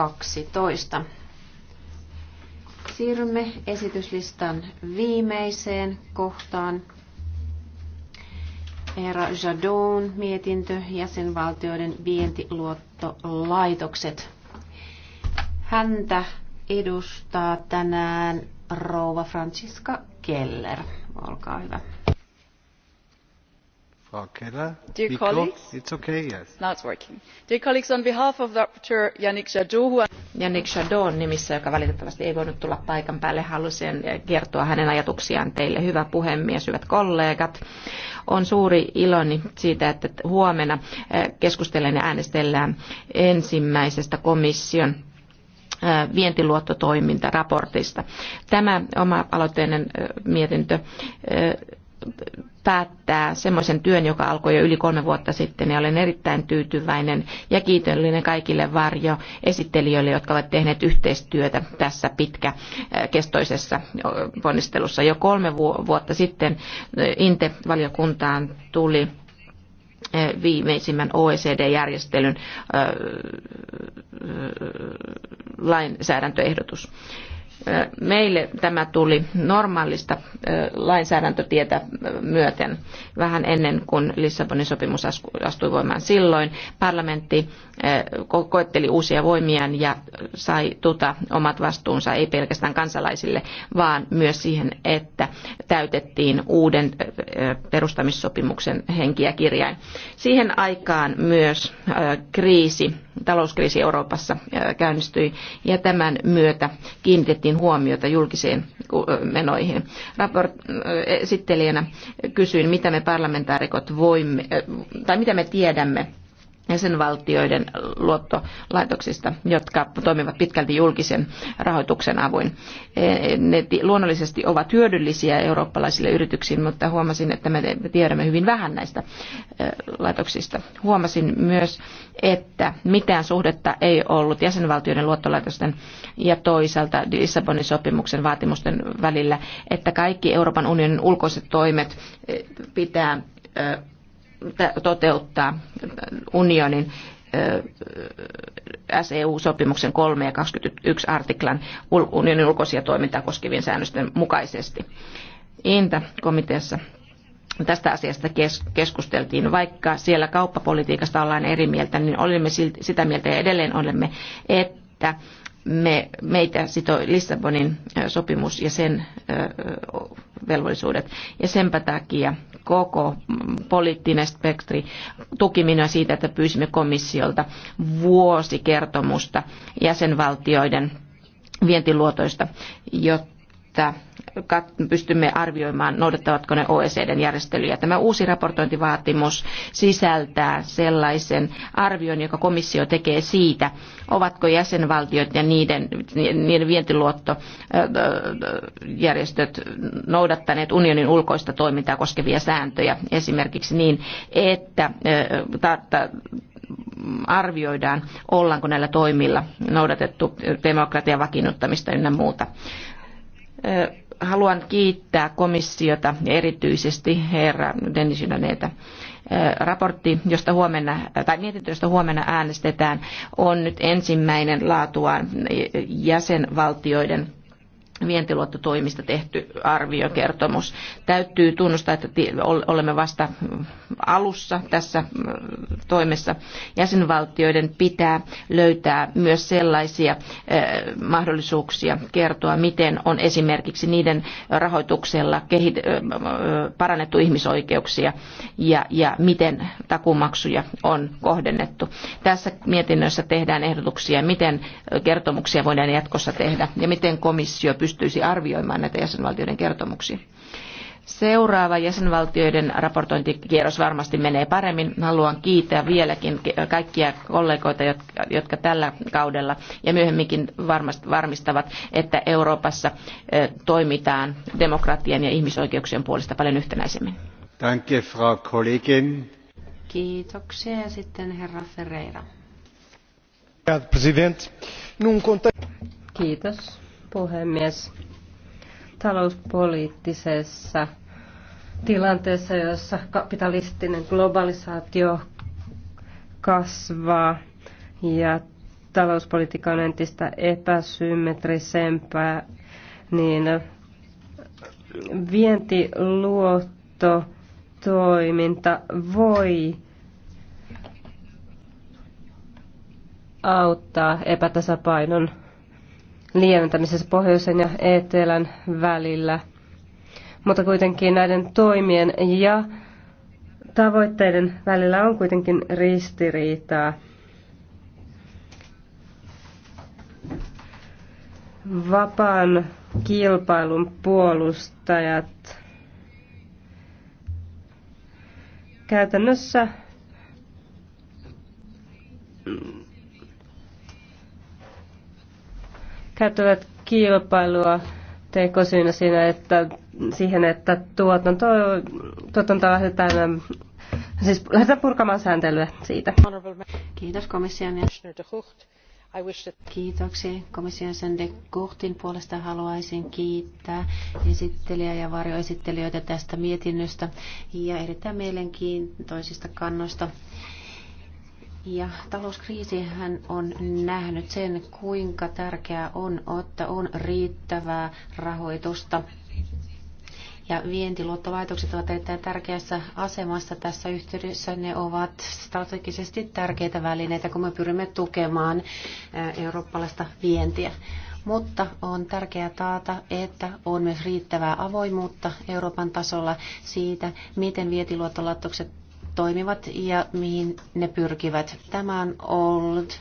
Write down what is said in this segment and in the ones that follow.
12. Siirrymme esityslistan viimeiseen kohtaan. Eera Jadon mietintö jäsenvaltioiden vientiluottolaitokset. Häntä edustaa tänään rouva Francisca Keller. Olkaa hyvä dear colleagues on behalf of the rapporteur yannick Jadot, on nimissä joka valitettavasti ei voinut tulla paikan päälle halusin kertoa hänen ajatuksiaan teille. hyvä puhemies hyvät kollegat on suuri iloni siitä että huomenna eh, keskustellen ja äänestellään ensimmäisestä komission eh, vientiluottotoimintaraportista. tämä oma aloitteinen eh, mietintö päättää semmoisen työn, joka alkoi jo yli kolme vuotta sitten ja olen erittäin tyytyväinen ja kiitollinen kaikille varjo jotka ovat tehneet yhteistyötä tässä pitkäkestoisessa äh, ponnistelussa. Jo kolme vuotta sitten INTE-valiokuntaan tuli viimeisimmän OECD-järjestelyn lainsäädäntöehdotus. Meille tämä tuli normaalista lainsäädäntötietä myöten vähän ennen kuin Lissabonin sopimus astui voimaan silloin. Parlamentti koetteli uusia voimiaan ja sai tuta omat vastuunsa ei pelkästään kansalaisille, vaan myös siihen, että täytettiin uuden perustamissopimuksen henki ja kirjain. Siihen aikaan myös kriisi talouskriisi Euroopassa käynnistyi ja tämän myötä kiinnitettiin huomiota julkiseen menoihin. Raport, esittelijänä kysyin, mitä me parlamentaarikot voimme, tai mitä me tiedämme jäsenvaltioiden luottolaitoksista, jotka toimivat pitkälti julkisen rahoituksen avuin. E, ne luonnollisesti ovat hyödyllisiä eurooppalaisille yrityksille, mutta huomasin, että me tiedämme hyvin vähän näistä e, laitoksista. Huomasin myös, että mitään suhdetta ei ollut jäsenvaltioiden luottolaitosten ja toisaalta Lissabonin sopimuksen vaatimusten välillä, että kaikki Euroopan unionin ulkoiset toimet e, pitää toteuttaa unionin SEU-sopimuksen 3 ja 21 artiklan unionin ulkoisia toimintaa koskevien säännösten mukaisesti. Inta-komiteassa tästä asiasta keskusteltiin. Vaikka siellä kauppapolitiikasta ollaan eri mieltä, niin olimme sitä mieltä ja edelleen olemme, että me, meitä sitoi Lissabonin sopimus ja sen velvollisuudet. Ja senpä takia koko poliittinen spektri tuki minua siitä, että pyysimme komissiolta vuosikertomusta jäsenvaltioiden vientiluotoista, jotta että pystymme arvioimaan, noudattavatko ne OECDn järjestelyjä. Tämä uusi raportointivaatimus sisältää sellaisen arvion, joka komissio tekee siitä, ovatko jäsenvaltiot ja niiden, niiden vientiluottojärjestöt noudattaneet unionin ulkoista toimintaa koskevia sääntöjä esimerkiksi niin, että arvioidaan, ollaanko näillä toimilla noudatettu demokratian vakiinnuttamista ynnä muuta. Haluan kiittää komissiota ja erityisesti herra Dennis Jynäneetä raportti, josta huomenna, tai mietintö, josta huomenna äänestetään, on nyt ensimmäinen laatuaan jäsenvaltioiden vientiluottotoimista tehty arviokertomus. Täytyy tunnustaa, että olemme vasta alussa tässä mm, toimessa. Jäsenvaltioiden pitää löytää myös sellaisia eh, mahdollisuuksia kertoa, miten on esimerkiksi niiden rahoituksella eh, eh, parannettu ihmisoikeuksia ja, ja miten takumaksuja on kohdennettu. Tässä mietinnössä tehdään ehdotuksia, miten kertomuksia voidaan jatkossa tehdä ja miten komissio pystyy pystyisi arvioimaan näitä jäsenvaltioiden kertomuksia. Seuraava jäsenvaltioiden raportointikierros varmasti menee paremmin. Haluan kiittää vieläkin kaikkia kollegoita, jotka, tällä kaudella ja myöhemminkin varmistavat, että Euroopassa toimitaan demokratian ja ihmisoikeuksien puolesta paljon yhtenäisemmin. Danke, Frau Kollegin. Kiitoksia ja sitten herra Ferreira. Kiitos puhemies. Talouspoliittisessa tilanteessa, jossa kapitalistinen globalisaatio kasvaa ja talouspolitiikka on entistä epäsymmetrisempää, niin vientiluotto toiminta voi auttaa epätasapainon lieventämisessä pohjoisen ja etelän välillä. Mutta kuitenkin näiden toimien ja tavoitteiden välillä on kuitenkin ristiriitaa. Vapaan kilpailun puolustajat käytännössä käyttävät kilpailua tekosyynä siinä, että siihen, että tuotanto, tuotanto lähdetään Siis lähdetään purkamaan sääntelyä siitä. Kiitos komission ja... Kiitoksia komission sen de Guhtin puolesta haluaisin kiittää esittelijä ja varjoesittelijöitä tästä mietinnöstä ja erittäin mielenkiintoisista kannoista. Ja talouskriisihän on nähnyt sen, kuinka tärkeää on, että on riittävää rahoitusta. Ja vientiluottolaitokset ovat erittäin tärkeässä asemassa tässä yhteydessä. Ne ovat strategisesti tärkeitä välineitä, kun me pyrimme tukemaan eurooppalaista vientiä. Mutta on tärkeää taata, että on myös riittävää avoimuutta Euroopan tasolla siitä, miten vientiluottolaitokset toimivat ja mihin ne pyrkivät. Tämä on ollut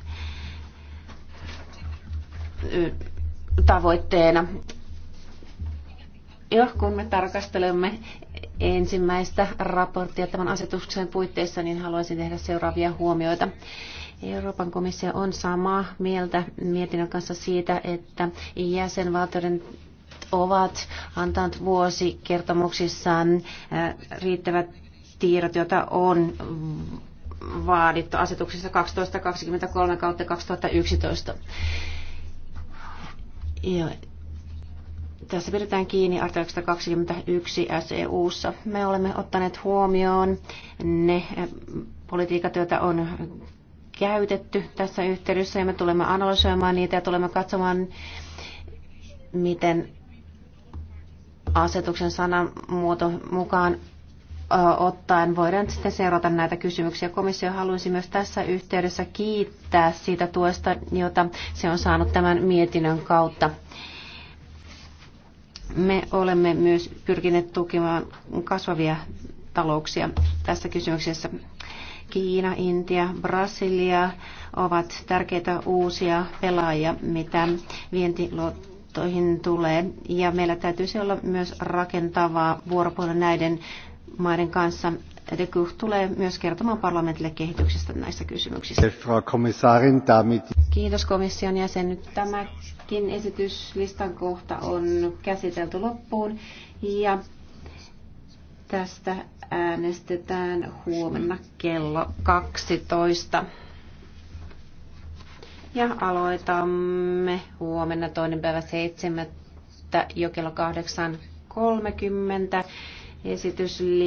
tavoitteena. Jo kun me tarkastelemme ensimmäistä raporttia tämän asetuksen puitteissa, niin haluaisin tehdä seuraavia huomioita. Euroopan komissio on samaa mieltä mietinnön kanssa siitä, että jäsenvaltioiden ovat antaneet vuosikertomuksissaan riittävät tiedot, joita on vaadittu asetuksessa 1223 kautta 2011. Ja tässä pidetään kiinni artikla 21 SEUssa. Me olemme ottaneet huomioon ne eh, politiikat, joita on käytetty tässä yhteydessä ja me tulemme analysoimaan niitä ja tulemme katsomaan, miten asetuksen sanan muoto mukaan ottaen voidaan sitten seurata näitä kysymyksiä. Komissio haluaisi myös tässä yhteydessä kiittää siitä tuosta, jota se on saanut tämän mietinnön kautta. Me olemme myös pyrkineet tukemaan kasvavia talouksia tässä kysymyksessä. Kiina, Intia, Brasilia ovat tärkeitä uusia pelaajia, mitä vientiluottoihin tulee. Ja meillä täytyisi olla myös rakentavaa vuoropuolta näiden maiden kanssa. De Gucht tulee myös kertomaan parlamentille kehityksestä näissä kysymyksissä. Kiitos komission jäsen. Nyt tämäkin esityslistan kohta on käsitelty loppuun ja tästä äänestetään huomenna kello 12. Ja aloitamme huomenna toinen päivä 7. jo kello 8.30 esitys